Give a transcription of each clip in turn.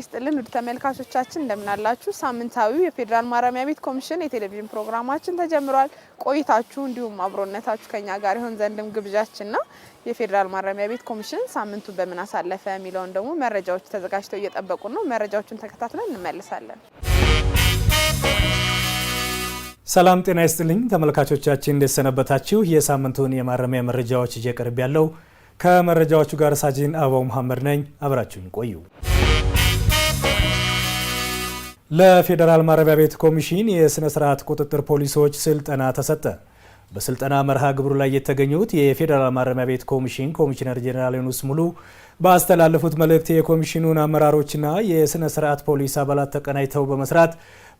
ይስጥልን ውድ ተመልካቾቻችን እንደምን አላችሁ? ሳምንታዊው የፌዴራል ማረሚያ ቤት ኮሚሽን የቴሌቪዥን ፕሮግራማችን ተጀምሯል። ቆይታችሁ እንዲሁም አብሮነታችሁ ከኛ ጋር ይሆን ዘንድም ግብዣችን ነው። የፌዴራል ማረሚያ ቤት ኮሚሽን ሳምንቱ በምን አሳለፈ የሚለውን ደግሞ መረጃዎች ተዘጋጅተው እየጠበቁ ነው። መረጃዎቹን ተከታትለን እንመልሳለን። ሰላም ጤና ይስጥልኝ ተመልካቾቻችን፣ እንደሰነበታችሁ። የሳምንቱን የማረሚያ መረጃዎች እየቀርብ ያለው ከመረጃዎቹ ጋር ሳጅን አበባው መሐመድ ነኝ። አብራችሁን ቆዩ። ለፌዴራል ማረቢያ ቤት ኮሚሽን የሥነ ሥርዓት ቁጥጥር ፖሊሶች ስልጠና ተሰጠ። በስልጠና መርሃ ግብሩ ላይ የተገኙት የፌዴራል ማረሚያ ቤት ኮሚሽን ኮሚሽነር ጄኔራል ዮኑስ ሙሉ ባስተላለፉት መልእክት የኮሚሽኑን አመራሮችና የስነ ስርዓት ፖሊስ አባላት ተቀናጅተው በመስራት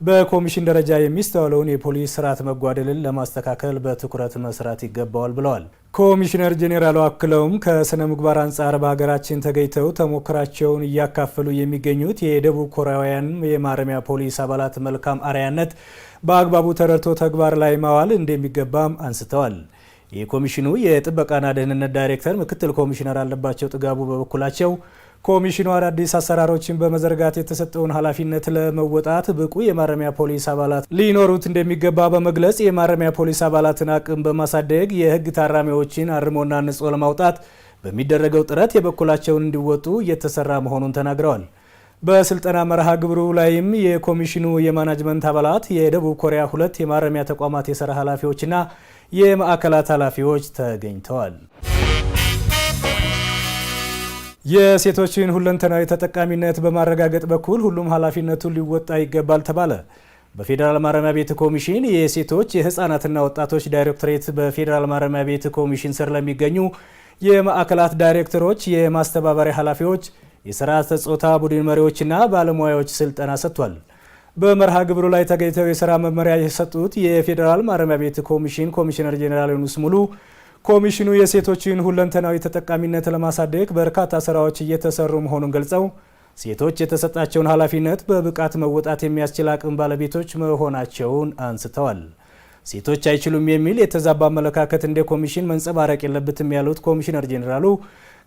በኮሚሽን ደረጃ የሚስተዋለውን የፖሊስ ስርዓት መጓደልን ለማስተካከል በትኩረት መስራት ይገባዋል ብለዋል። ኮሚሽነር ጄኔራሉ አክለውም ከስነ ምግባር አንጻር በሀገራችን ተገኝተው ተሞክራቸውን እያካፈሉ የሚገኙት የደቡብ ኮሪያውያን የማረሚያ ፖሊስ አባላት መልካም አርያነት በአግባቡ ተረድቶ ተግባር ላይ ማዋል እንደሚገባም አንስተዋል። የኮሚሽኑ የጥበቃና ደህንነት ዳይሬክተር ምክትል ኮሚሽነር አለባቸው ጥጋቡ በበኩላቸው ኮሚሽኑ አዳዲስ አሰራሮችን በመዘርጋት የተሰጠውን ኃላፊነት ለመወጣት ብቁ የማረሚያ ፖሊስ አባላት ሊኖሩት እንደሚገባ በመግለጽ የማረሚያ ፖሊስ አባላትን አቅም በማሳደግ የሕግ ታራሚዎችን አርሞና ንጹሕ ለማውጣት በሚደረገው ጥረት የበኩላቸውን እንዲወጡ እየተሰራ መሆኑን ተናግረዋል። በስልጠና መርሃ ግብሩ ላይም የኮሚሽኑ የማናጅመንት አባላት የደቡብ ኮሪያ ሁለት የማረሚያ ተቋማት የሰራ ኃላፊዎችና የማዕከላት ኃላፊዎች ተገኝተዋል። የሴቶችን ሁለንተናዊ ተጠቃሚነት በማረጋገጥ በኩል ሁሉም ኃላፊነቱን ሊወጣ ይገባል ተባለ። በፌዴራል ማረሚያ ቤት ኮሚሽን የሴቶች የህፃናትና ወጣቶች ዳይሬክቶሬት በፌዴራል ማረሚያ ቤት ኮሚሽን ስር ለሚገኙ የማዕከላት ዳይሬክተሮች፣ የማስተባበሪያ ኃላፊዎች የሥርዓተ ጾታ ቡድን መሪዎችና ባለሙያዎች ስልጠና ሰጥቷል። በመርሃ ግብሩ ላይ ተገኝተው የሥራ መመሪያ የሰጡት የፌዴራል ማረሚያ ቤት ኮሚሽን ኮሚሽነር ጄኔራል ዮኑስ ሙሉ ኮሚሽኑ የሴቶችን ሁለንተናዊ ተጠቃሚነት ለማሳደግ በርካታ ስራዎች እየተሰሩ መሆኑን ገልጸው ሴቶች የተሰጣቸውን ኃላፊነት በብቃት መወጣት የሚያስችል አቅም ባለቤቶች መሆናቸውን አንስተዋል። ሴቶች አይችሉም የሚል የተዛባ አመለካከት እንደ ኮሚሽን መንጸባረቅ የለበትም ያሉት ኮሚሽነር ጄኔራሉ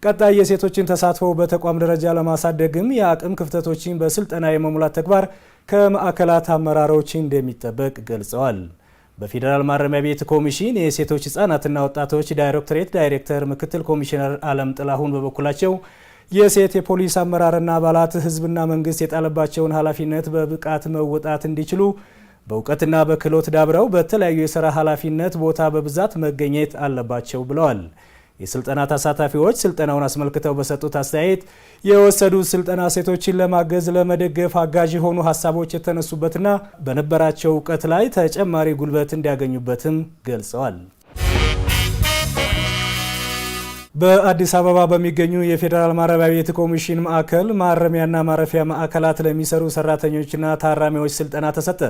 ቀጣይ የሴቶችን ተሳትፎ በተቋም ደረጃ ለማሳደግም የአቅም ክፍተቶችን በስልጠና የመሙላት ተግባር ከማዕከላት አመራሮች እንደሚጠበቅ ገልጸዋል። በፌዴራል ማረሚያ ቤት ኮሚሽን የሴቶች ህጻናትና ወጣቶች ዳይሬክቶሬት ዳይሬክተር ምክትል ኮሚሽነር አለም ጥላሁን በበኩላቸው የሴት የፖሊስ አመራርና አባላት ህዝብና መንግስት የጣለባቸውን ኃላፊነት በብቃት መወጣት እንዲችሉ በእውቀትና በክህሎት ዳብረው በተለያዩ የሥራ ኃላፊነት ቦታ በብዛት መገኘት አለባቸው ብለዋል። የስልጠና ተሳታፊዎች ስልጠናውን አስመልክተው በሰጡት አስተያየት የወሰዱት ስልጠና ሴቶችን ለማገዝ ለመደገፍ አጋዥ የሆኑ ሀሳቦች የተነሱበትና በነበራቸው እውቀት ላይ ተጨማሪ ጉልበት እንዲያገኙበትም ገልጸዋል። በአዲስ አበባ በሚገኙ የፌዴራል ማረሚያ ቤት ኮሚሽን ማዕከል ማረሚያና ማረፊያ ማዕከላት ለሚሰሩ ሰራተኞችና ታራሚዎች ስልጠና ተሰጠ።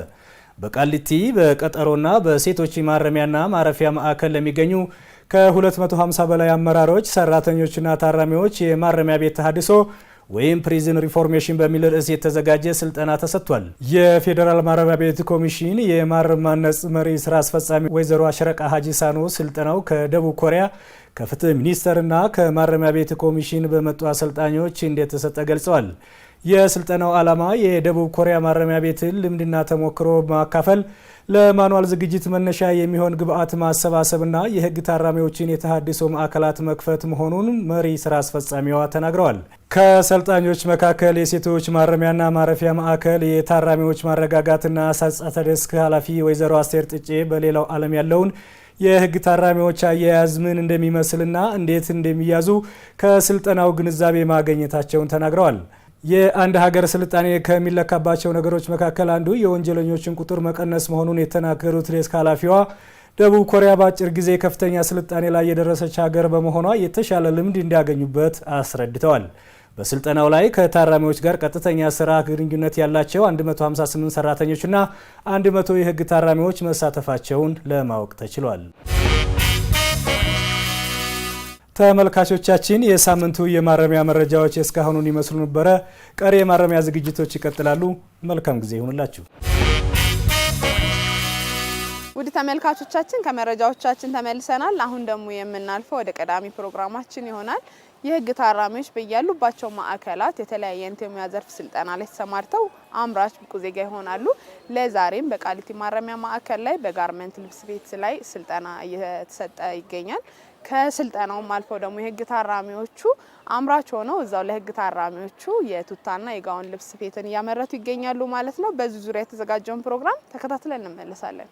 በቃሊቲ በቀጠሮና በሴቶች ማረሚያና ማረፊያ ማዕከል ለሚገኙ ከ250 በላይ አመራሮች፣ ሰራተኞችና ታራሚዎች የማረሚያ ቤት ተሃድሶ ወይም ፕሪዝን ሪፎርሜሽን በሚል ርዕስ የተዘጋጀ ስልጠና ተሰጥቷል። የፌዴራል ማረሚያ ቤት ኮሚሽን የማረም መሪ ስራ አስፈጻሚ ወይዘሮ አሸረቃ ሀጂ ሳኖ ስልጠናው ከደቡብ ኮሪያ ከፍትህ ሚኒስቴርና ከማረሚያ ቤት ኮሚሽን በመጡ አሰልጣኞች እንደተሰጠ ገልጸዋል። የስልጠናው ዓላማ የደቡብ ኮሪያ ማረሚያ ቤትን ልምድና ተሞክሮ ማካፈል፣ ለማኑዋል ዝግጅት መነሻ የሚሆን ግብዓት ማሰባሰብና የህግ ታራሚዎችን የተሃድሶ ማዕከላት መክፈት መሆኑን መሪ ስራ አስፈጻሚዋ ተናግረዋል። ከሰልጣኞች መካከል የሴቶች ማረሚያና ማረፊያ ማዕከል የታራሚዎች ማረጋጋትና አሳጻተ ደስክ ኃላፊ ወይዘሮ አስቴር ጥጬ በሌላው ዓለም ያለውን የህግ ታራሚዎች አያያዝ ምን እንደሚመስልና እንዴት እንደሚያዙ ከስልጠናው ግንዛቤ ማገኘታቸውን ተናግረዋል። የአንድ ሀገር ስልጣኔ ከሚለካባቸው ነገሮች መካከል አንዱ የወንጀለኞችን ቁጥር መቀነስ መሆኑን የተናገሩት ዴስክ ኃላፊዋ ደቡብ ኮሪያ በአጭር ጊዜ ከፍተኛ ስልጣኔ ላይ የደረሰች ሀገር በመሆኗ የተሻለ ልምድ እንዲያገኙበት አስረድተዋል። በስልጠናው ላይ ከታራሚዎች ጋር ቀጥተኛ ስራ ግንኙነት ያላቸው 158 ሰራተኞችና 100 የህግ ታራሚዎች መሳተፋቸውን ለማወቅ ተችሏል። ተመልካቾቻችን የሳምንቱ የማረሚያ መረጃዎች እስካሁኑን ይመስሉ ነበረ። ቀሪ የማረሚያ ዝግጅቶች ይቀጥላሉ። መልካም ጊዜ ይሁንላችሁ። ውድ ተመልካቾቻችን ከመረጃዎቻችን ተመልሰናል። አሁን ደግሞ የምናልፈው ወደ ቀዳሚ ፕሮግራማችን ይሆናል። የህግ ታራሚዎች በያሉባቸው ማዕከላት የተለያየ የሙያ ዘርፍ ስልጠና ላይ ተሰማርተው አምራች ብቁ ዜጋ ይሆናሉ። ለዛሬም በቃሊቲ ማረሚያ ማዕከል ላይ በጋርመንት ልብስ ቤት ላይ ስልጠና እየተሰጠ ይገኛል። ከስልጠናውም አልፈው ደግሞ የህግ ታራሚዎቹ አምራች ሆነው እዛው ለህግ ታራሚዎቹ የቱታና የጋውን ልብስ ስፌትን እያመረቱ ይገኛሉ ማለት ነው። በዚህ ዙሪያ የተዘጋጀውን ፕሮግራም ተከታትለን እንመለሳለን።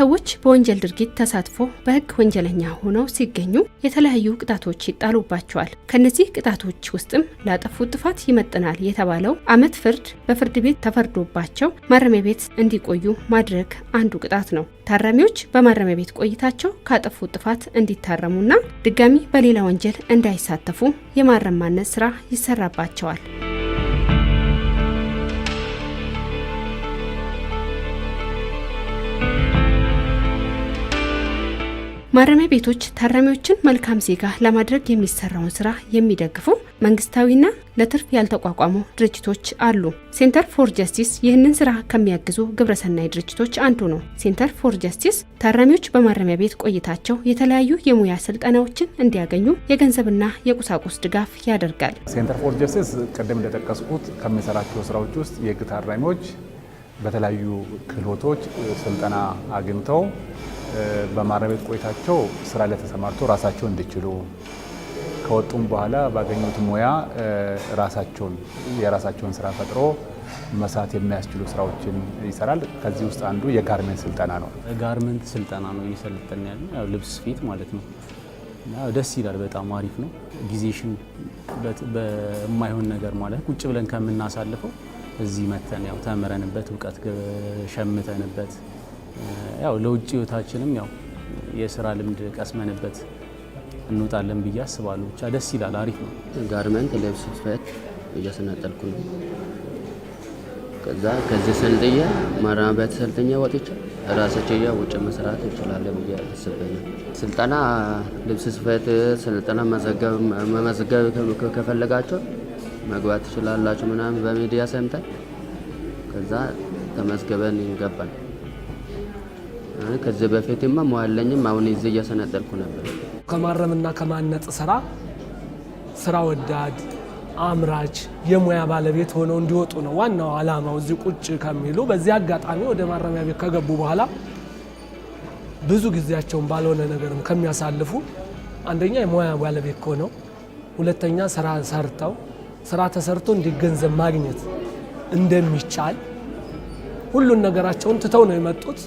ሰዎች በወንጀል ድርጊት ተሳትፎ በህግ ወንጀለኛ ሆነው ሲገኙ የተለያዩ ቅጣቶች ይጣሉባቸዋል። ከነዚህ ቅጣቶች ውስጥም ላጠፉት ጥፋት ይመጥናል የተባለው አመት ፍርድ በፍርድ ቤት ተፈርዶባቸው ማረሚያ ቤት እንዲቆዩ ማድረግ አንዱ ቅጣት ነው። ታራሚዎች በማረሚያ ቤት ቆይታቸው ካጠፉት ጥፋት እንዲታረሙና ድጋሚ በሌላ ወንጀል እንዳይሳተፉ የማረም ማነጽ ስራ ይሰራባቸዋል። ማረሚያ ቤቶች ታራሚዎችን መልካም ዜጋ ለማድረግ የሚሰራውን ስራ የሚደግፉ መንግስታዊና ለትርፍ ያልተቋቋሙ ድርጅቶች አሉ። ሴንተር ፎር ጀስቲስ ይህንን ስራ ከሚያግዙ ግብረሰናይ ድርጅቶች አንዱ ነው። ሴንተር ፎር ጀስቲስ ታራሚዎች በማረሚያ ቤት ቆይታቸው የተለያዩ የሙያ ስልጠናዎችን እንዲያገኙ የገንዘብና የቁሳቁስ ድጋፍ ያደርጋል። ሴንተር ፎር ጀስቲስ ቅድም እንደጠቀስኩት ከሚሰራቸው ስራዎች ውስጥ የህግ ታራሚዎች በተለያዩ ክህሎቶች ስልጠና አግኝተው በማረሚያ ቤት ቆይታቸው ስራ ላይ ተሰማርተው ራሳቸው እንዲችሉ ከወጡም በኋላ ባገኙት ሙያ ራሳቸውን የራሳቸውን ስራ ፈጥሮ መስራት የሚያስችሉ ስራዎችን ይሰራል። ከዚህ ውስጥ አንዱ የጋርመንት ስልጠና ነው። ጋርመንት ስልጠና ነው እየሰለጠን ያለ ልብስ ስፌት ማለት ነው። ደስ ይላል። በጣም አሪፍ ነው። ጊዜሽን በማይሆን ነገር ማለት ቁጭ ብለን ከምናሳልፈው እዚህ መተን ያው ተምረንበት እውቀት ሸምተንበት ያው ለውጭ ህይወታችንም ያው የስራ ልምድ ቀስመንበት እንወጣለን ብዬ አስባለሁ። ብቻ ደስ ይላል፣ አሪፍ ነው። ጋርመንት ልብስ ስፌት እያሰናጠልኩ ነው። ከዛ ከዚህ ሰልጥዬ ማራበት ሰልጥኛ ወጥቼ ራሳቸያ ውጭ መስራት እችላለሁ ብዬ አስበኛል። ስልጠና ልብስ ስፌት ስልጠና መመዝገብ ከፈለጋቸው መግባት ትችላላችሁ ምናምን በሚዲያ ሰምተን ከዛ ተመዝገበን ይገባል። ከዚህ በፊትማ መዋለኝም አሁን ይዤ እያሰነጠልኩ ነበር። ከማረምና ከማነጽ ስራ ስራ ወዳድ አምራች የሙያ ባለቤት ሆነው እንዲወጡ ነው ዋናው አላማው። እዚህ ቁጭ ከሚሉ በዚህ አጋጣሚ ወደ ማረሚያ ቤት ከገቡ በኋላ ብዙ ጊዜያቸውን ባልሆነ ነገርም ከሚያሳልፉ አንደኛ የሙያ ባለቤት ከሆነው፣ ሁለተኛ ስራ ሰርተው ስራ ተሰርቶ እንዲገንዘብ ማግኘት እንደሚቻል ሁሉን ነገራቸውን ትተው ነው የመጡት።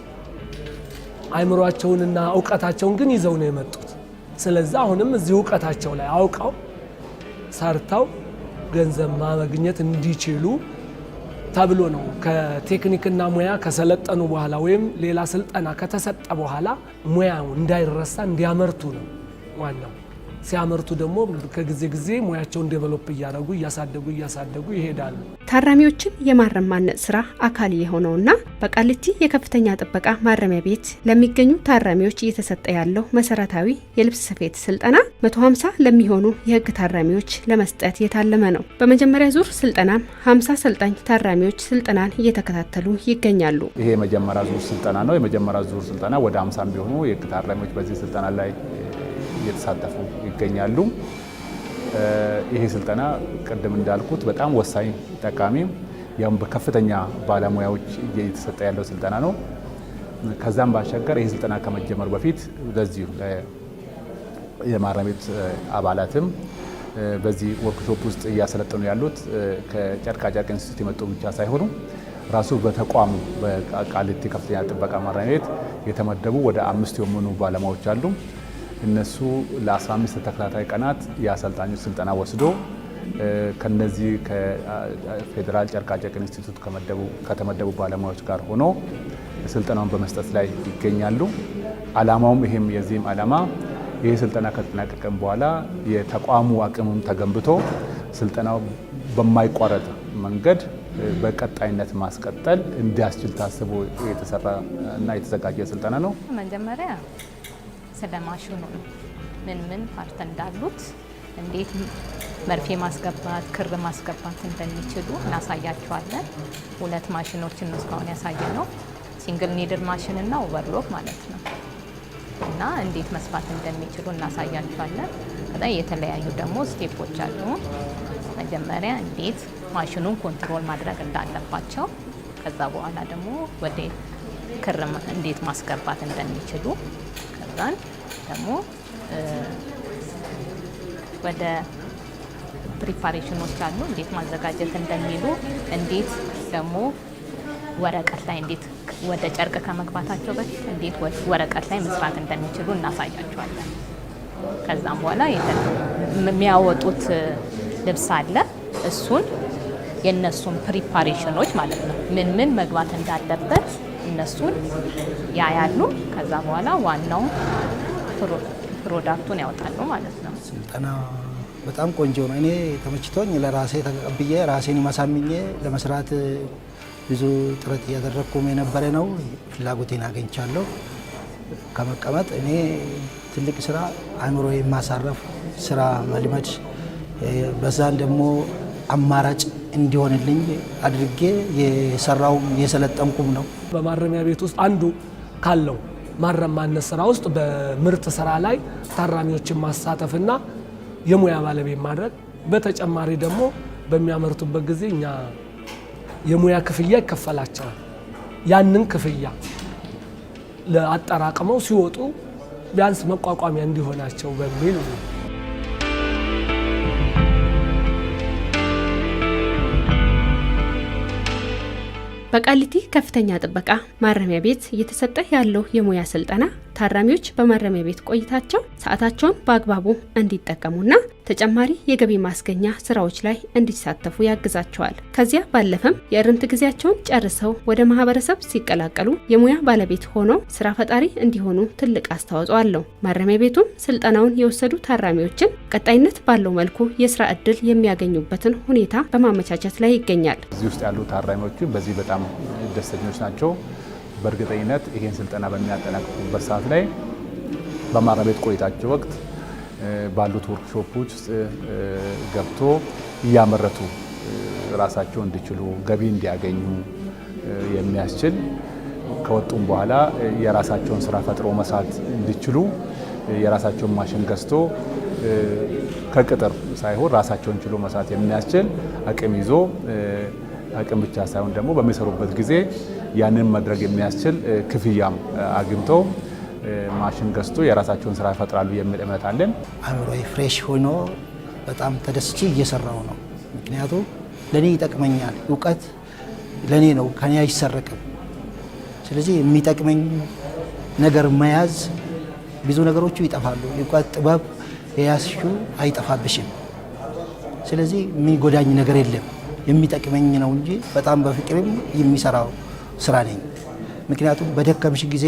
አይምሯቸውንና እውቀታቸውን ግን ይዘው ነው የመጡት። ስለዚህ አሁንም እዚህ እውቀታቸው ላይ አውቀው ሰርተው ገንዘብ ማግኘት እንዲችሉ ተብሎ ነው ከቴክኒክና ሙያ ከሰለጠኑ በኋላ ወይም ሌላ ስልጠና ከተሰጠ በኋላ ሙያው እንዳይረሳ እንዲያመርቱ ነው ዋናው። ሲያመርቱ ደግሞ ከጊዜ ጊዜ ሙያቸውን ዴቨሎፕ እያደረጉ እያሳደጉ እያሳደጉ ይሄዳሉ። ታራሚዎችን የማረም ማነጽ ስራ አካል የሆነውና በቃሊቲ የከፍተኛ ጥበቃ ማረሚያ ቤት ለሚገኙ ታራሚዎች እየተሰጠ ያለው መሰረታዊ የልብስ ስፌት ስልጠና 150 ለሚሆኑ የህግ ታራሚዎች ለመስጠት የታለመ ነው። በመጀመሪያ ዙር ስልጠናም 50 ሰልጣኝ ታራሚዎች ስልጠናን እየተከታተሉ ይገኛሉ። ይሄ የመጀመሪያ ዙር ስልጠና ነው። የመጀመሪያ ዙር ስልጠና ወደ 50 ቢሆኑ የህግ ታራሚዎች በዚህ ስልጠና ላይ እየተሳተፉ ይገኛሉ። ይሄ ስልጠና ቅድም እንዳልኩት በጣም ወሳኝ ጠቃሚ ያውም በከፍተኛ ባለሙያዎች እየተሰጠ ያለው ስልጠና ነው። ከዛም ባሻገር ይህ ስልጠና ከመጀመሩ በፊት ለዚሁ የማረሚያ ቤት አባላትም በዚህ ወርክሾፕ ውስጥ እያሰለጠኑ ያሉት ከጨርቃጨርቅ ኢንስቲትዩት የመጡ ብቻ ሳይሆኑ ራሱ በተቋሙ በቃሊቲ ከፍተኛ ጥበቃ ማረሚያ ቤት የተመደቡ ወደ አምስት የሆኑ ባለሙያዎች አሉ። እነሱ ለ15 ተከታታይ ቀናት የአሰልጣኞች ስልጠና ወስዶ ከነዚህ ከፌዴራል ጨርቃጨርቅ ኢንስቲትዩት ከተመደቡ ባለሙያዎች ጋር ሆኖ ስልጠናውን በመስጠት ላይ ይገኛሉ። አላማውም ይሄም የዚህም አላማ ይህ ስልጠና ከተጠናቀቀም በኋላ የተቋሙ አቅምም ተገንብቶ ስልጠናው በማይቋረጥ መንገድ በቀጣይነት ማስቀጠል እንዲያስችል ታስቦ የተሰራ እና የተዘጋጀ ስልጠና ነው። መጀመሪያ ስለ ማሽኑ ነው። ምን ምን ፓርት እንዳሉት እንዴት መርፌ ማስገባት ክር ማስገባት እንደሚችሉ እናሳያቸዋለን። ሁለት ማሽኖችን ነው እስካሁን ያሳየ ነው፣ ሲንግል ኒድል ማሽን እና ኦቨርሎክ ማለት ነው። እና እንዴት መስፋት እንደሚችሉ እናሳያቸዋለን። ከዛ የተለያዩ ደግሞ ስቴፖች አሉ። መጀመሪያ እንዴት ማሽኑን ኮንትሮል ማድረግ እንዳለባቸው፣ ከዛ በኋላ ደግሞ ወደ ክር እንዴት ማስገባት እንደሚችሉ አዙረን ደግሞ ወደ ፕሪፓሬሽኖች አሉ እንዴት ማዘጋጀት እንደሚሉ እንዴት ደግሞ ወረቀት ላይ እንዴት ወደ ጨርቅ ከመግባታቸው በፊት እንዴት ወረቀት ላይ መስራት እንደሚችሉ እናሳያቸዋለን። ከዛም በኋላ የሚያወጡት ልብስ አለ። እሱን የእነሱን ፕሪፓሬሽኖች ማለት ነው ምን ምን መግባት እንዳለበት እነሱን ያያሉ። ከዛ በኋላ ዋናው ፕሮዳክቱን ያወጣሉ ማለት ነው። ስልጠና በጣም ቆንጆ ነው። እኔ ተመችቶኝ ለራሴ ተቀብዬ ራሴን ማሳምኜ ለመስራት ብዙ ጥረት እያደረግኩም የነበረ ነው። ፍላጎቴን አገኝቻለሁ። ከመቀመጥ እኔ ትልቅ ስራ አእምሮ የማሳረፍ ስራ መልመድ በዛን ደግሞ አማራጭ እንዲሆንልኝ አድርጌ የሰራውም የሰለጠንኩም ነው። በማረሚያ ቤት ውስጥ አንዱ ካለው ማረም ማነስ ስራ ውስጥ በምርት ስራ ላይ ታራሚዎችን ማሳተፍና የሙያ ባለቤት ማድረግ፣ በተጨማሪ ደግሞ በሚያመርቱበት ጊዜ እኛ የሙያ ክፍያ ይከፈላቸዋል። ያንን ክፍያ ለአጠራቅመው ሲወጡ ቢያንስ መቋቋሚያ እንዲሆናቸው በሚል በቃሊቲ ከፍተኛ ጥበቃ ማረሚያ ቤት እየተሰጠ ያለው የሙያ ስልጠና ታራሚዎች በማረሚያ ቤት ቆይታቸው ሰዓታቸውን በአግባቡ እንዲጠቀሙና ተጨማሪ የገቢ ማስገኛ ስራዎች ላይ እንዲሳተፉ ያግዛቸዋል። ከዚያ ባለፈም የእርምት ጊዜያቸውን ጨርሰው ወደ ማህበረሰብ ሲቀላቀሉ የሙያ ባለቤት ሆነው ስራ ፈጣሪ እንዲሆኑ ትልቅ አስተዋጽኦ አለው። ማረሚያ ቤቱም ስልጠናውን የወሰዱ ታራሚዎችን ቀጣይነት ባለው መልኩ የስራ እድል የሚያገኙበትን ሁኔታ በማመቻቸት ላይ ይገኛል። እዚህ ውስጥ ያሉ ታራሚዎች በዚህ በጣም ደስተኞች ናቸው። በእርግጠኝነት ይሄን ስልጠና በሚያጠናቅቁበት ሰዓት ላይ በማረሚያ ቤት ቆይታቸው ወቅት ባሉት ወርክሾፖች ውስጥ ገብቶ እያመረቱ ራሳቸው እንዲችሉ ገቢ እንዲያገኙ የሚያስችል ከወጡም በኋላ የራሳቸውን ስራ ፈጥሮ መስራት እንዲችሉ የራሳቸውን ማሽን ገዝቶ ከቅጥር ሳይሆን ራሳቸውን ችሎ መስራት የሚያስችል አቅም ይዞ አቅም ብቻ ሳይሆን ደግሞ በሚሰሩበት ጊዜ ያንን መድረግ የሚያስችል ክፍያም አግኝቶ ማሽን ገዝቶ የራሳቸውን ስራ ይፈጥራሉ የሚል እምነት አለን። አእምሮዬ ፍሬሽ ሆኖ በጣም ተደስቼ እየሰራው ነው። ምክንያቱ ለእኔ ይጠቅመኛል። እውቀት ለእኔ ነው፣ ከኔ አይሰረቅም። ስለዚህ የሚጠቅመኝ ነገር መያዝ ብዙ ነገሮቹ ይጠፋሉ። እውቀት፣ ጥበብ የያዝሹ አይጠፋብሽም። ስለዚህ የሚጎዳኝ ነገር የለም፣ የሚጠቅመኝ ነው እንጂ በጣም በፍቅርም የሚሰራው ስራ ነኝ። ምክንያቱም በደከምሽ ጊዜ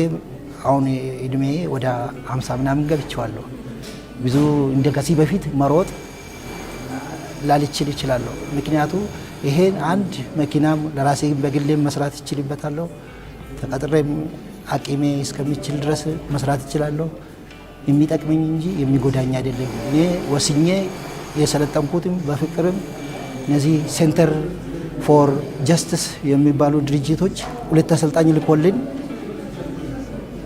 አሁን እድሜ ወደ ሀምሳ ምናምን ገብቼዋለሁ። ብዙ እንደ ከዚህ በፊት መሮጥ ላልችል ይችላለሁ። ምክንያቱ ይሄን አንድ መኪናም ለራሴ በግሌ መስራት ይችልበታለሁ። ተቀጥሬም አቂሜ እስከሚችል ድረስ መስራት ይችላለሁ። የሚጠቅመኝ እንጂ የሚጎዳኝ አይደለም። እኔ ወስኜ የሰለጠንኩትም በፍቅርም እነዚህ ሴንተር ፎር ጀስትስ የሚባሉ ድርጅቶች ሁለት አሰልጣኝ ልኮልን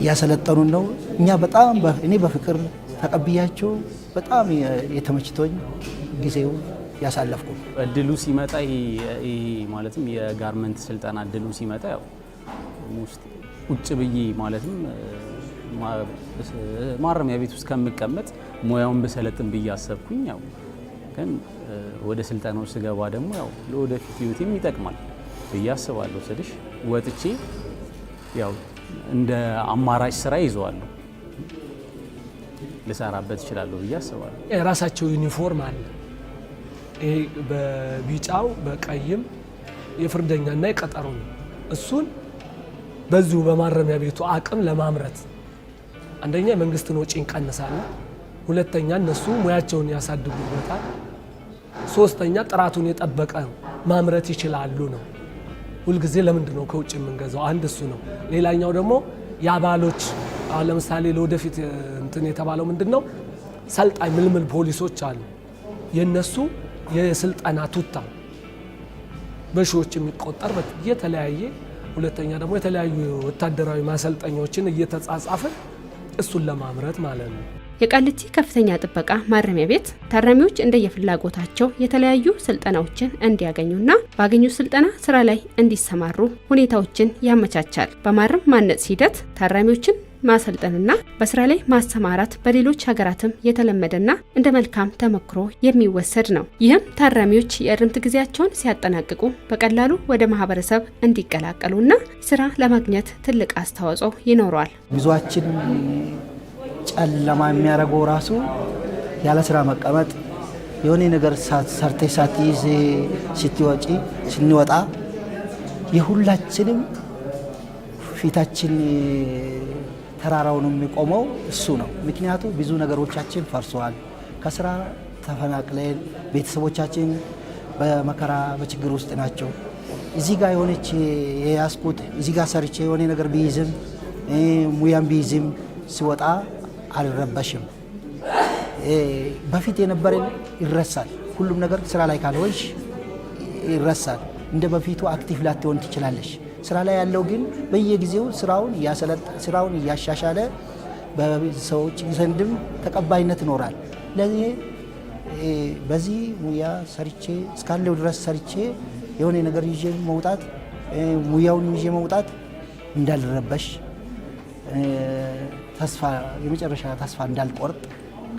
እያሰለጠኑን ነው። እኛ በጣም እኔ በፍቅር ተቀብያቸው በጣም የተመችቶኝ ጊዜው ያሳለፍኩ እድሉ ሲመጣ ይሄ ማለትም የጋርመንት ስልጠና እድሉ ሲመጣ ያው ውስጥ ቁጭ ብዬ ማለትም ማረሚያ ቤት ውስጥ ከምቀመጥ ሙያውን ብሰለጥን ብዬ አሰብኩኝ ያው ግን ወደ ስልጠናው ስገባ ደግሞ ያው ለወደፊት ህይወቴም ይጠቅማል ብዬ አስባለሁ። ስልሽ ወጥቼ ያው እንደ አማራጭ ስራ ይዘዋለሁ ልሰራበት እችላለሁ ብዬ አስባለሁ። የራሳቸው ዩኒፎርም አለ። ይሄ በቢጫው በቀይም የፍርደኛና የቀጠሮ ነው። እሱን በዚሁ በማረሚያ ቤቱ አቅም ለማምረት አንደኛ የመንግስትን ወጪ እንቀንሳለን፣ ሁለተኛ እነሱ ሙያቸውን ያሳድጉበታል። ሶስተኛ ጥራቱን የጠበቀ ማምረት ይችላሉ ነው። ሁልጊዜ ለምንድን ነው ከውጭ የምንገዛው? አንድ እሱ ነው። ሌላኛው ደግሞ የአባሎች አሁን ለምሳሌ ለወደፊት እንትን የተባለው ምንድን ነው ሰልጣኝ ምልምል ፖሊሶች አሉ። የነሱ የስልጠና ቱታ በሺዎች የሚቆጠር የተለያየ ሁለተኛ ደግሞ የተለያዩ ወታደራዊ ማሰልጠኛዎችን እየተጻጻፍን እሱን ለማምረት ማለት ነው። የቃሊቲ ከፍተኛ ጥበቃ ማረሚያ ቤት ታራሚዎች እንደየፍላጎታቸው የተለያዩ ስልጠናዎችን እንዲያገኙና ባገኙ ስልጠና ስራ ላይ እንዲሰማሩ ሁኔታዎችን ያመቻቻል። በማረም ማነጽ ሂደት ታራሚዎችን ማሰልጠንና በስራ ላይ ማሰማራት በሌሎች ሀገራትም የተለመደና እንደ መልካም ተሞክሮ የሚወሰድ ነው። ይህም ታራሚዎች የእርምት ጊዜያቸውን ሲያጠናቅቁ በቀላሉ ወደ ማህበረሰብ እንዲቀላቀሉና ስራ ለማግኘት ትልቅ አስተዋጽኦ ይኖረዋል። ጉዟችን ጨለማ የሚያደርገው ራሱ ያለ ስራ መቀመጥ የሆነ ነገር ሰርቴ ሳትይዝ ስትወጪ ስንወጣ የሁላችንም ፊታችን ተራራውን የሚቆመው እሱ ነው። ምክንያቱ ብዙ ነገሮቻችን ፈርሰዋል። ከስራ ተፈናቅለን ቤተሰቦቻችን በመከራ በችግር ውስጥ ናቸው። እዚህ ጋር የሆነች የያዝኩት እዚህ ጋር ሰርቼ የሆነ ነገር ቢይዝም ሙያም ቢይዝም ሲወጣ አልረበሽም። በፊት የነበረ ይረሳል። ሁሉም ነገር ስራ ላይ ካልሆንሽ ይረሳል። እንደ በፊቱ አክቲቭ ላትሆን ትችላለሽ። ስራ ላይ ያለው ግን በየጊዜው ስራውን ስራውን እያሻሻለ በሰዎች ዘንድም ተቀባይነት ይኖራል። ለዚህ በዚህ ሙያ ሰርቼ እስካለው ድረስ ሰርቼ የሆነ ነገር ይዤ መውጣት ሙያውን ይዤ መውጣት እንዳልረበሽ ተስፋ የመጨረሻ ተስፋ እንዳልቆርጥ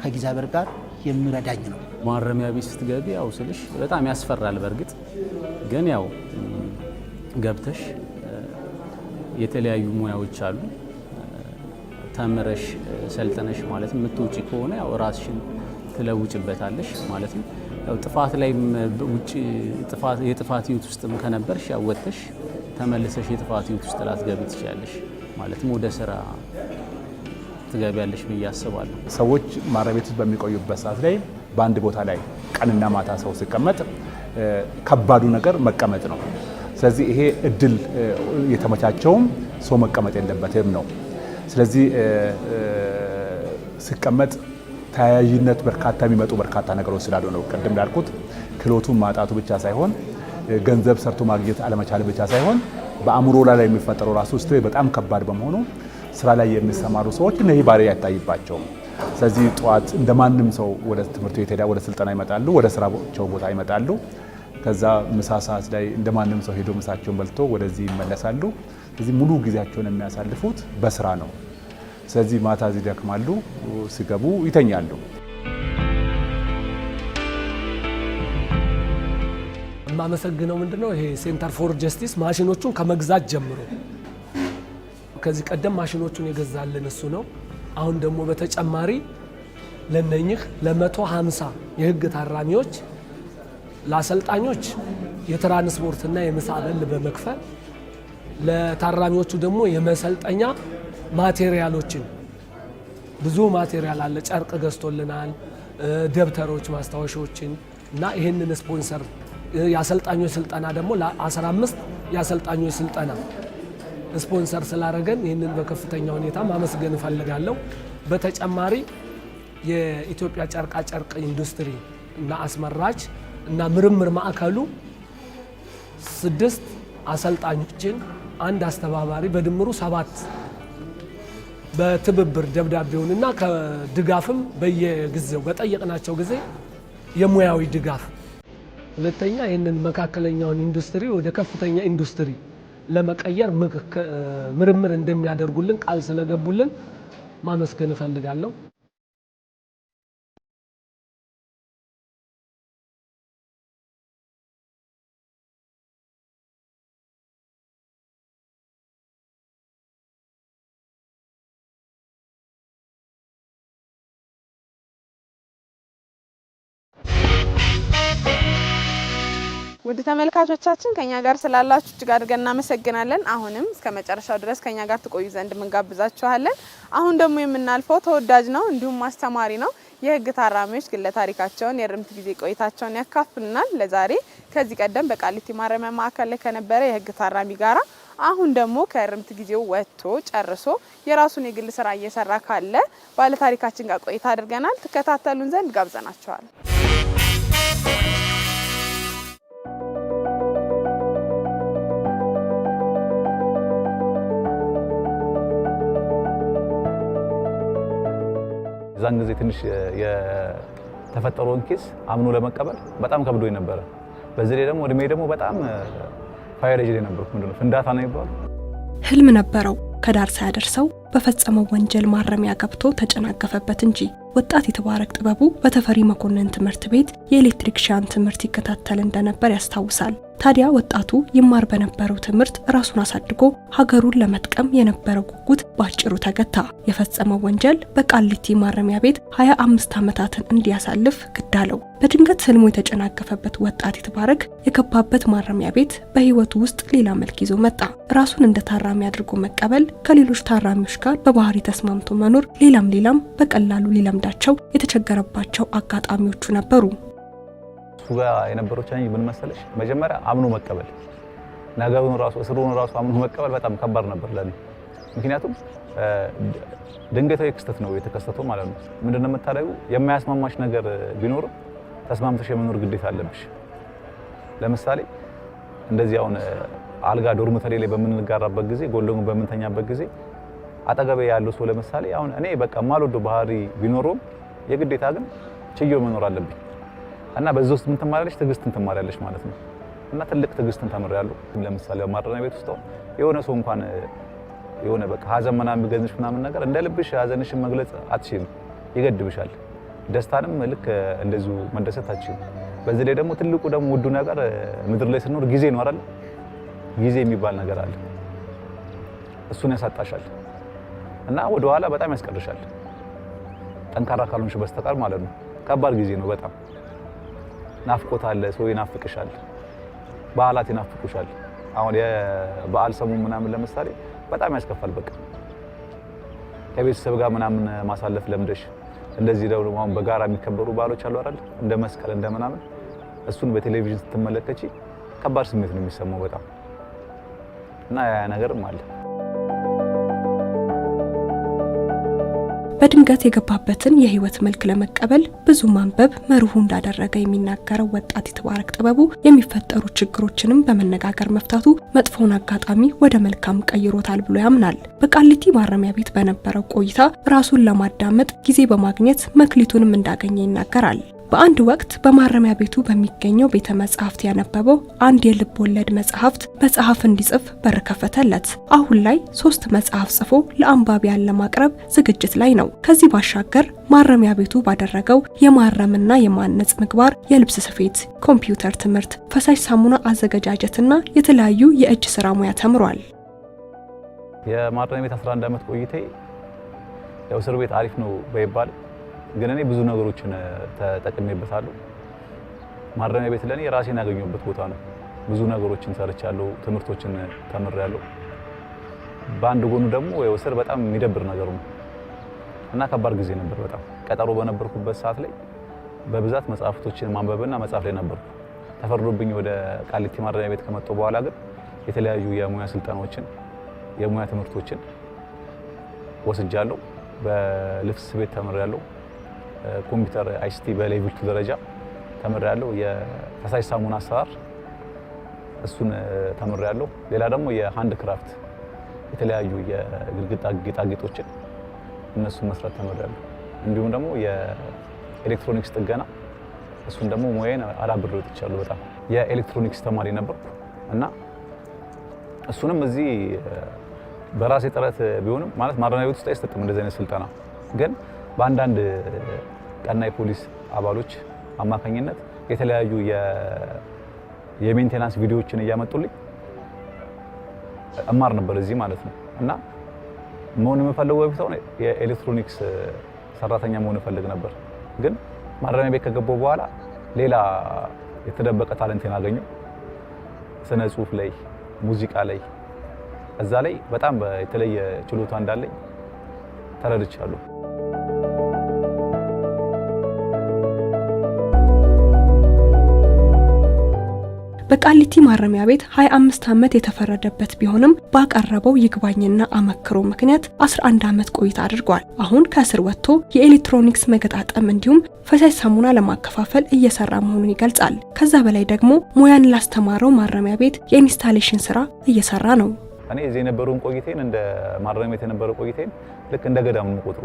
ከእግዚአብሔር ጋር የሚረዳኝ ነው። ማረሚያ ቤት ስትገቢ ያው ስልሽ በጣም ያስፈራል። በእርግጥ ግን ያው ገብተሽ የተለያዩ ሙያዎች አሉ ተምረሽ ሰልጠነሽ ማለት የምትውጪ ከሆነ ያው ራስሽን ትለውጭበታለሽ ማለት ነው። ያው ጥፋት ላይ ውጪ የጥፋት ህይወት ውስጥም ከነበርሽ ያወጥተሽ ተመልሰሽ የጥፋት ህይወት ውስጥ ላትገቢ ትችላለሽ ማለትም ወደ ስራ ትገቢያለሽ ብዬ አስባለሁ። ሰዎች ማረሚያ ቤት ውስጥ በሚቆዩበት ሰዓት ላይ በአንድ ቦታ ላይ ቀንና ማታ ሰው ሲቀመጥ ከባዱ ነገር መቀመጥ ነው። ስለዚህ ይሄ እድል የተመቻቸውም ሰው መቀመጥ የለበትም ነው። ስለዚህ ሲቀመጥ ተያያዥነት በርካታ የሚመጡ በርካታ ነገሮች ስላሉ ነው። ቅድም እንዳልኩት ክህሎቱን ማጣቱ ብቻ ሳይሆን ገንዘብ ሰርቶ ማግኘት አለመቻል ብቻ ሳይሆን በአእምሮ ላይ የሚፈጠረው ራሱ ስትሬስ በጣም ከባድ በመሆኑ ስራ ላይ የሚሰማሩ ሰዎች እነዚህ ባሪ አይታይባቸውም። ስለዚህ ጠዋት እንደ ማንም ሰው ወደ ትምህርት ቤት ሄዳ ወደ ስልጠና ይመጣሉ፣ ወደ ስራቸው ቦታ ይመጣሉ። ከዛ ምሳ ሰዓት ላይ እንደ ማንም ሰው ሄዶ ምሳቸውን በልቶ ወደዚህ ይመለሳሉ። ስለዚህ ሙሉ ጊዜያቸውን የሚያሳልፉት በስራ ነው። ስለዚህ ማታ እዚህ ደክማሉ፣ ሲገቡ ይተኛሉ። የማመሰግነው ምንድነው ይሄ ሴንተር ፎር ጀስቲስ ማሽኖቹን ከመግዛት ጀምሮ ከዚህ ቀደም ማሽኖቹን የገዛልን እሱ ነው። አሁን ደግሞ በተጨማሪ ለነኝህ ለመቶ ሃምሳ የህግ ታራሚዎች ለአሰልጣኞች የትራንስፖርትና የምሳ በመክፈል ለታራሚዎቹ ደግሞ የመሰልጠኛ ማቴሪያሎችን ብዙ ማቴሪያል አለ። ጨርቅ ገዝቶልናል፣ ደብተሮች፣ ማስታወሻዎችን እና ይህንን ስፖንሰር የአሰልጣኞች ስልጠና ደግሞ ለ15 የአሰልጣኞች ስልጠና ስፖንሰር ስላደረገን ይህንን በከፍተኛ ሁኔታ ማመስገን እፈልጋለሁ። በተጨማሪ የኢትዮጵያ ጨርቃጨርቅ ኢንዱስትሪ እና አስመራች እና ምርምር ማዕከሉ ስድስት አሰልጣኞችን አንድ አስተባባሪ በድምሩ ሰባት በትብብር እና ከድጋፍም በየጊዜው በጠየቅናቸው ጊዜ የሙያዊ ድጋፍ ሁለተኛ ይህንን መካከለኛውን ኢንዱስትሪ ወደ ከፍተኛ ኢንዱስትሪ ለመቀየር ምርምር እንደሚያደርጉልን ቃል ስለገቡልን ማመስገን እፈልጋለሁ። ውድ ተመልካቾቻችን ከኛ ጋር ስላላችሁ እጅግ አድርገን እናመሰግናለን። አሁንም እስከ መጨረሻው ድረስ ከኛ ጋር ትቆዩ ዘንድ ምንጋብዛችኋለን። አሁን ደግሞ የምናልፈው ተወዳጅ ነው እንዲሁም አስተማሪ ነው። የህግ ታራሚዎች ግለ ታሪካቸውን የእርምት ጊዜ ቆይታቸውን ያካፍሉናል። ለዛሬ ከዚህ ቀደም በቃሊቲ ማረሚያ ማዕከል ላይ ከነበረ የህግ ታራሚ ጋራ አሁን ደግሞ ከእርምት ጊዜው ወጥቶ ጨርሶ የራሱን የግል ስራ እየሰራ ካለ ባለታሪካችን ጋር ቆይታ አድርገናል። ትከታተሉን ዘንድ ጋብዘናቸዋል። የዛን ጊዜ ትንሽ የተፈጠረውን ኬስ አምኖ ለመቀበል በጣም ከብዶ ነበረ። በዚህ ላይ ደግሞ እድሜ ደግሞ በጣም ፋይር ኤጅ ላይ ነበርኩ። ምንድነው ፍንዳታ ነው ይባሉ ህልም ነበረው ከዳር ሳያደርሰው በፈጸመው ወንጀል ማረሚያ ገብቶ ተጨናገፈበት እንጂ ወጣት የተባረክ ጥበቡ በተፈሪ መኮንን ትምህርት ቤት የኤሌክትሪክሻን ትምህርት ይከታተል እንደነበር ያስታውሳል። ታዲያ ወጣቱ ይማር በነበረው ትምህርት ራሱን አሳድጎ ሀገሩን ለመጥቀም የነበረው ጉጉት ባጭሩ ተገታ። የፈጸመው ወንጀል በቃሊቲ ማረሚያ ቤት 25 ዓመታትን እንዲያሳልፍ ግድ አለው። በድንገት ህልሙ የተጨናገፈበት ወጣት የተባረክ የገባበት ማረሚያ ቤት በህይወቱ ውስጥ ሌላ መልክ ይዞ መጣ። ራሱን እንደ ታራሚ አድርጎ መቀበል፣ ከሌሎች ታራሚዎች ጋር በባህሪ ተስማምቶ መኖር፣ ሌላም ሌላም በቀላሉ ሊለምዳቸው የተቸገረባቸው አጋጣሚዎቹ ነበሩ። ጋር የነበረው ቻሌንጅ ምን መሰለሽ? መጀመሪያ አምኖ መቀበል ነገሩን ራሱ እስሩን ራሱ አምኖ መቀበል በጣም ከባድ ነበር ለኔ። ምክንያቱም ድንገታዊ ክስተት ነው የተከሰተው ማለት ነው። ምንድን ነው የምታደርጊው? የማያስማማሽ ነገር ቢኖርም ተስማምተሽ የመኖር ግዴታ አለብሽ። ለምሳሌ እንደዚህ አሁን አልጋ ዶርሚተሪ ላይ በምንጋራበት ጊዜ ጎን በምንተኛበት ጊዜ አጠገቤ ያለው ሰው ለምሳሌ አሁን እኔ በቃ ማሎዶ ባህሪ ቢኖረውም የግዴታ ግን ችዬው መኖር አለብኝ። እና በዚህ ውስጥ ምን ትማሪያለሽ? ትዕግስትን ትማሪያለሽ ማለት ነው። እና ትልቅ ትዕግስትን ተምሬያለሁ። ለምሳሌ ማረሚያ ቤት ውስጥ የሆነ ሰው እንኳን የሆነ በቃ ሀዘን ምናምን ቢገዝሽ ምናምን ነገር እንደ ልብሽ ሀዘንሽን መግለጽ አትችልም፣ ይገድብሻል። ደስታንም ልክ እንደዚሁ መደሰት አትችልም። በዚህ ላይ ደግሞ ትልቁ ደግሞ ውዱ ነገር ምድር ላይ ስንኖር ጊዜ ነው አይደል? ጊዜ የሚባል ነገር አለ። እሱን ያሳጣሻል እና ወደኋላ በጣም ያስቀርሻል፣ ጠንካራ ካልሆንሽ በስተቀር ማለት ነው። ከባድ ጊዜ ነው በጣም ናፍቆት አለ። ሰው ይናፍቅሻል፣ በዓላት ይናፍቁሻል። አሁን የበዓል ሰሞን ምናምን ለምሳሌ በጣም ያስከፋል። በቃ ከቤተሰብ ጋር ምናምን ማሳለፍ ለምደሽ እንደዚህ ደግሞ አሁን በጋራ የሚከበሩ በዓሎች አሉ አይደል? እንደ መስቀል እንደ ምናምን እሱን በቴሌቪዥን ስትመለከች ከባድ ስሜት ነው የሚሰማው በጣም እና ያ ነገርም አለ። በድንገት የገባበትን የህይወት መልክ ለመቀበል ብዙ ማንበብ መርሁ እንዳደረገ የሚናገረው ወጣት የተባረክ ጥበቡ የሚፈጠሩ ችግሮችንም በመነጋገር መፍታቱ መጥፎውን አጋጣሚ ወደ መልካም ቀይሮታል ብሎ ያምናል። በቃሊቲ ማረሚያ ቤት በነበረው ቆይታ ራሱን ለማዳመጥ ጊዜ በማግኘት መክሊቱንም እንዳገኘ ይናገራል። በአንድ ወቅት በማረሚያ ቤቱ በሚገኘው ቤተ መጽሐፍት ያነበበው አንድ የልብ ወለድ መጽሐፍት መጽሐፍ እንዲጽፍ በር ከፈተለት። አሁን ላይ ሶስት መጽሐፍ ጽፎ ለአንባቢያን ለማቅረብ ዝግጅት ላይ ነው። ከዚህ ባሻገር ማረሚያ ቤቱ ባደረገው የማረምና የማነጽ ምግባር የልብስ ስፌት፣ ኮምፒውተር ትምህርት፣ ፈሳሽ ሳሙና አዘገጃጀትና የተለያዩ የእጅ ስራ ሙያ ተምሯል። የማረሚያ ቤት 11 ዓመት ቆይቴ ያው እስር ቤት አሪፍ ነው በይባል ግን እኔ ብዙ ነገሮችን ተጠቅሜበታለሁ። ማረሚያ ቤት ለእኔ ራሴን ያገኘሁበት ቦታ ነው። ብዙ ነገሮችን ሰርቻለሁ፣ ትምህርቶችን ተምሬያለሁ። በአንድ ጎኑ ደግሞ እስር በጣም የሚደብር ነገር ነው እና ከባድ ጊዜ ነበር በጣም ቀጠሮ በነበርኩበት ሰዓት ላይ በብዛት መጽሐፍቶችን ማንበብና መጽሐፍ ላይ ነበርኩ። ተፈርዶብኝ ወደ ቃሊቲ ማረሚያ ቤት ከመጣሁ በኋላ ግን የተለያዩ የሙያ ስልጠናዎችን የሙያ ትምህርቶችን ወስጃለሁ። በልብስ ስፌት ተምሬያለሁ። ኮምፒውተር አይሲቲ በሌቭል ቱ ደረጃ ተምሬያለሁ። የፈሳሽ ሳሙና አሰራር እሱን ተምሬያለሁ። ሌላ ደግሞ የሃንድ ክራፍት የተለያዩ የግድግዳ ጌጣጌጦችን እነሱን መስራት ተምሬያለሁ። እንዲሁም ደግሞ የኤሌክትሮኒክስ ጥገና እሱን ደግሞ ሙያዬን አዳብሬ ወጥቻለሁ። በጣም የኤሌክትሮኒክስ ተማሪ ነበርኩ እና እሱንም እዚህ በራሴ ጥረት ቢሆንም ማለት ማረሚያ ቤት ውስጥ አይሰጥም እንደዚህ አይነት ስልጠና ግን በአንዳንድ ቀና የፖሊስ አባሎች አማካኝነት የተለያዩ የሜንቴናንስ ቪዲዮዎችን እያመጡልኝ እማር ነበር እዚህ ማለት ነው። እና መሆን የምፈልገው በፊት አሁን የኤሌክትሮኒክስ ሰራተኛ መሆን እፈልግ ነበር። ግን ማረሚያ ቤት ከገባሁ በኋላ ሌላ የተደበቀ ታለንቴን አገኘው። ስነ ጽሁፍ ላይ፣ ሙዚቃ ላይ እዛ ላይ በጣም የተለየ ችሎታ እንዳለኝ ተረድቻለሁ። በቃሊቲ ማረሚያ ቤት 25 ዓመት የተፈረደበት ቢሆንም ባቀረበው ይግባኝና አመክሮ ምክንያት 11 ዓመት ቆይታ አድርጓል። አሁን ከእስር ወጥቶ የኤሌክትሮኒክስ መገጣጠም እንዲሁም ፈሳሽ ሳሙና ለማከፋፈል እየሰራ መሆኑን ይገልጻል። ከዛ በላይ ደግሞ ሙያን ላስተማረው ማረሚያ ቤት የኢንስታሌሽን ስራ እየሰራ ነው። እኔ እዚህ የነበረውን ቆይቴን እንደ ማረሚያ ቤት የነበረው ቆይቴን ልክ እንደ ገዳሙ ቁጥሩ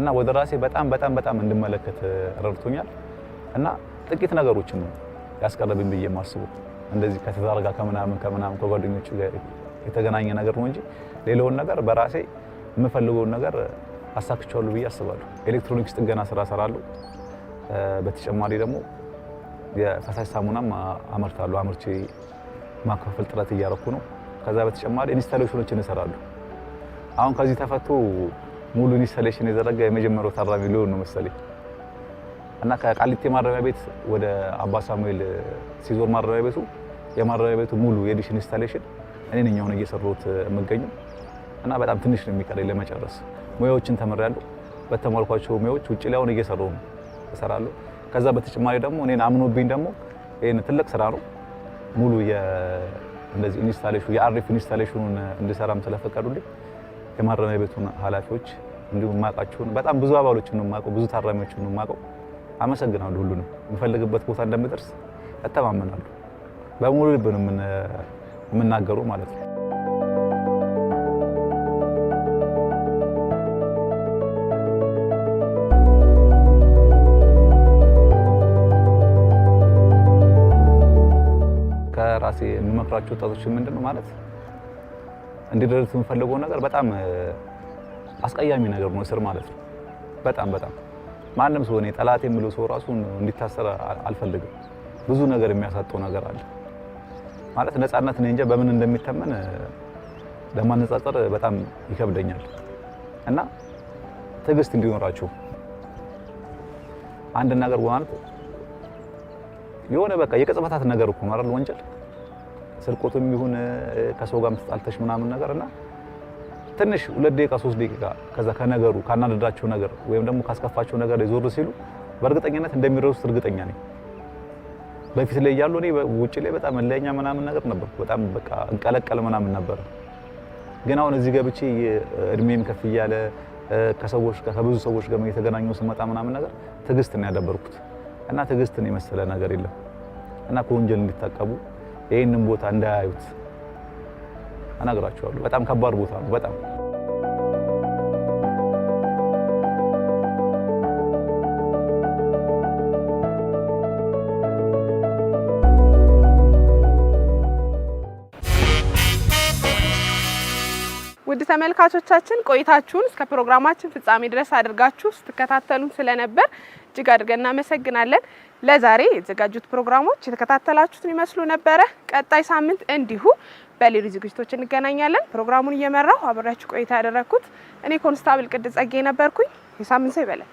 እና ወደ ራሴ በጣም በጣም በጣም እንድመለከት ረድቶኛል እና ጥቂት ነገሮችን ነው ያስቀረብኝ ብዬ የማስበው እንደዚህ ከትዳር ጋር ከምናምን ከምናምን ከጓደኞቹ ጋር የተገናኘ ነገር ነው እንጂ ሌላውን ነገር በራሴ የምፈልገውን ነገር አሳክቸዋሉ ብዬ አስባለሁ። ኤሌክትሮኒክስ ጥገና ስራ እሰራለሁ። በተጨማሪ ደግሞ የፈሳሽ ሳሙናም አመርታለሁ። አምርቼ ማከፋፈል ጥረት እያደረኩ ነው። ከዛ በተጨማሪ ኢንስታሌሽኖችን እሰራለሁ። አሁን ከዚህ ተፈቶ ሙሉ ኢንስታሌሽን የዘረጋ የመጀመሪያው ታራሚ ሊሆን ነው መሰለኝ። እና ከቃሊቴ ማረሚያ ቤት ወደ አባ ሳሙኤል ሲዞር ማረሚያ ቤቱ የማረሚያ ቤቱ ሙሉ የዲሽ ኢንስታሌሽን እኔ ነኝ አሁን እየሰሩት የምገኘው እና በጣም ትንሽ ነው የሚቀረኝ ለመጨረስ። ሙያዎችን ተምሬያለሁ። በተማርኳቸው ሙያዎች ውጭ ላይ አሁን እየሰራሁ ነው እሰራለሁ። ከዛ በተጨማሪ ደግሞ እኔን አምኖብኝ ደግሞ ይህን ትልቅ ስራ ነው ሙሉ እንደዚህ ኢንስታሌሽኑ የአሪፍ ኢንስታሌሽኑን እንድሰራም ስለፈቀዱልኝ የማረሚያ ቤቱን ኃላፊዎች እንዲሁም የማውቃቸውን በጣም ብዙ አባሎችን ነው የማውቀው፣ ብዙ ታራሚዎችን ነው የማውቀው። አመሰግናለሁ። ሁሉንም የምፈልግበት ቦታ እንደምደርስ እተማመናለሁ። በሙሉ ልብ ነው የምናገረው ማለት ነው። ከራሴ የምመክራቸው ወጣቶች ምንድን ነው ማለት እንዲደርስ የምፈልገው ነገር በጣም አስቀያሚ ነገር ነው እስር ማለት ነው። በጣም በጣም ማንም ሰው እኔ ጠላት የምለው ሰው ራሱ እንዲታሰር አልፈልግም። ብዙ ነገር የሚያሳጠው ነገር አለ ማለት ነፃነት ነኝ እንጃ በምን እንደሚተመን ለማነጻጸር በጣም ይከብደኛል። እና ትዕግስት እንዲኖራችሁ አንድ ነገር ማለት የሆነ በቃ የቅጽበታት ነገር እኮ ነው አይደል? ወንጀል ስርቆቱም ይሁን ከሰው ጋር ምትጣልተሽ ምናምን ነገር እና ትንሽ ሁለት ደቂቃ ሶስት ደቂቃ ከዛ ከነገሩ ካናደዳቸው ነገር ወይም ደግሞ ካስከፋቸው ነገር ይዞር ሲሉ በእርግጠኝነት እንደሚረሱት እርግጠኛ ነኝ። በፊት ላይ እያሉ እኔ ውጭ ላይ በጣም እለኛ ምናምን ነገር ነበር። በጣም በቃ እንቀለቀል ምናምን ነበር። ግን አሁን እዚህ ገብቼ እድሜም ከፍ እያለ ከሰዎች ከብዙ ሰዎች ጋር እየተገናኘሁ ስመጣ ምናምን ነገር ትዕግስት ነው ያደበርኩት እና ትዕግስትን የመሰለ ነገር የለም እና ከወንጀል እንዲታቀቡ ይህንን ቦታ እንዳያዩት አናግራችኋለሁ። በጣም ከባድ ቦታ ነው። በጣም ውድ ተመልካቾቻችን ቆይታችሁን እስከ ፕሮግራማችን ፍጻሜ ድረስ አድርጋችሁ ስትከታተሉን ስለነበር እጅግ አድርገን እናመሰግናለን። ለዛሬ የተዘጋጁት ፕሮግራሞች የተከታተላችሁትን ይመስሉ ነበረ። ቀጣይ ሳምንት እንዲሁ በሌሎች ዝግጅቶች እንገናኛለን። ፕሮግራሙን እየመራሁ አብሬያችሁ ቆይታ ያደረግኩት እኔ ኮንስታብል ቅድ ጸጌ ነበርኩኝ። የሳምንት ሰው ይበለን።